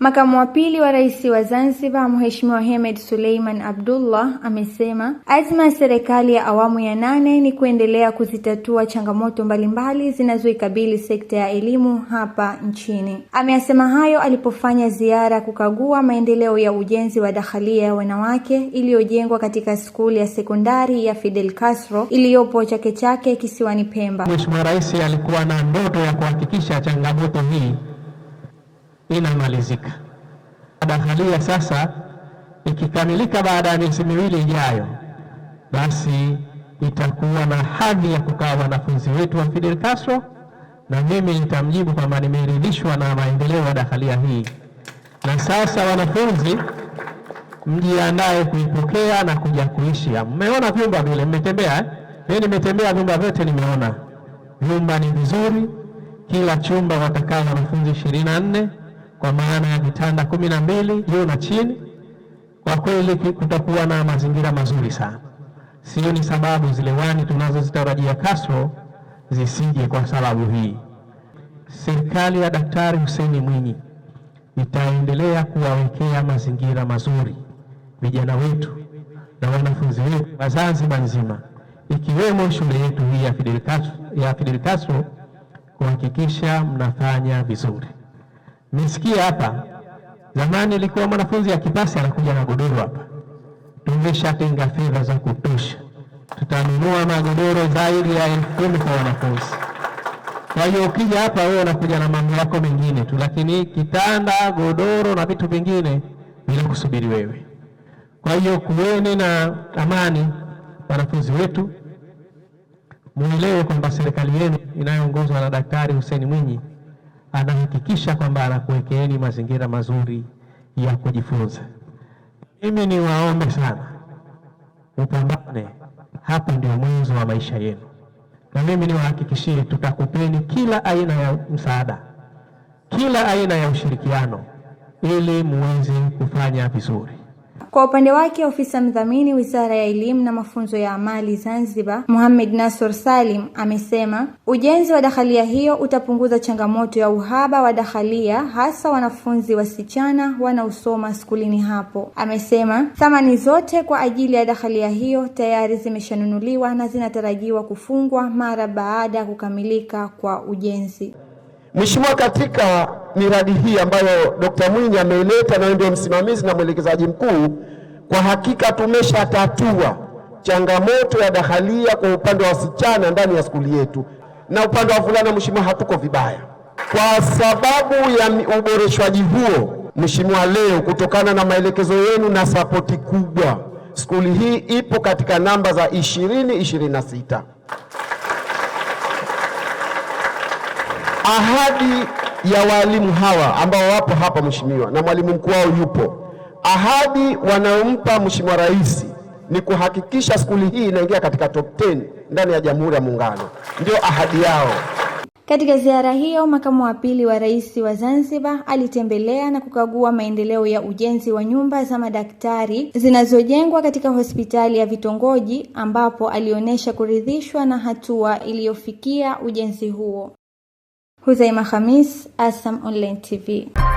Makamu wa pili wa Rais wa Zanzibar Mheshimiwa Hemed Suleiman Abdullah amesema azma ya serikali ya awamu ya nane ni kuendelea kuzitatua changamoto mbalimbali zinazoikabili sekta ya elimu hapa nchini. Ameyasema hayo alipofanya ziara kukagua maendeleo ya ujenzi wa dakhalia ya wanawake iliyojengwa katika skuli ya sekondari ya Fidel Castro iliyopo Chake Chake kisiwani Pemba. Mheshimiwa Rais alikuwa na ndoto ya kuhakikisha changamoto hii inamalizika Dahalia sasa ikikamilika baada ya miezi miwili ijayo, basi itakuwa na hadhi ya kukaa wanafunzi wetu wa Fidel Castro, na mimi nitamjibu kwamba nimeridhishwa na maendeleo ya dahalia hii, na sasa wanafunzi mjiandae kuipokea na kuja kuishi. Mmeona vyumba vile, mmetembea eh? Mimi nimetembea vyumba vyote, nimeona vyumba ni vizuri. Kila chumba watakaa wanafunzi ishirini na nne kwa maana ya vitanda kumi na mbili juu na chini. Kwa kweli kutakuwa na mazingira mazuri sana. sio ni sababu zile wani tunazozitarajia Castro zisije kwa sababu hii. Serikali ya Daktari Hussein Mwinyi itaendelea kuwawekea mazingira mazuri vijana wetu na wanafunzi wetu wa Zanzibar nzima, ikiwemo shule yetu hii ya Fidel Castro, ya Fidel Castro kuhakikisha mnafanya vizuri. Nisikie hapa, zamani ilikuwa mwanafunzi akipasi anakuja na godoro hapa. Tumeshatenga fedha za kutosha, tutanunua magodoro zaidi ya elfu kumi kwa wanafunzi. Kwa hiyo ukija hapa wewe unakuja na mambo yako mengine tu, lakini kitanda, godoro na vitu vingine bila kusubiri wewe. Kwa hiyo kuweni na amani, wanafunzi wetu, muelewe kwamba serikali yenu inayoongozwa na Daktari Hussein Mwinyi anahakikisha kwamba anakuwekeeni mazingira mazuri ya kujifunza. Mimi niwaombe sana upambane, hapo ndio mwanzo wa maisha yenu, na mimi niwahakikishie, tutakupeni kila aina ya msaada, kila aina ya ushirikiano ili muweze kufanya vizuri. Kwa upande wake, ofisa mdhamini Wizara ya Elimu na Mafunzo ya Amali Zanzibar, Mohamed Nasor Salim, amesema ujenzi wa dakhalia hiyo utapunguza changamoto ya uhaba wa dakhalia, hasa wanafunzi wasichana wanaosoma skulini hapo. Amesema thamani zote kwa ajili ya dakhalia hiyo tayari zimeshanunuliwa na zinatarajiwa kufungwa mara baada ya kukamilika kwa ujenzi. Mheshimiwa, katika miradi hii ambayo Dkt. Mwinyi ameileta na ndio msimamizi na mwelekezaji mkuu, kwa hakika tumeshatatua changamoto ya dahalia kwa upande wa wasichana ndani ya skuli yetu, na upande wa fulana Mheshimiwa, hatuko vibaya kwa sababu ya uboreshwaji huo. Mheshimiwa, leo kutokana na maelekezo yenu na sapoti kubwa, skuli hii ipo katika namba za 20 26. ahadi ya walimu hawa ambao wapo hapa mheshimiwa, na mwalimu mkuu wao yupo, ahadi wanayompa mheshimiwa rais ni kuhakikisha skuli hii inaingia katika top 10 ndani ya Jamhuri ya Muungano, ndio ahadi yao. Katika ziara hiyo, makamu wa pili wa rais wa Zanzibar alitembelea na kukagua maendeleo ya ujenzi wa nyumba za madaktari zinazojengwa katika hospitali ya vitongoji ambapo alionyesha kuridhishwa na hatua iliyofikia ujenzi huo. هزيمة خميس آسم أونلاين تي في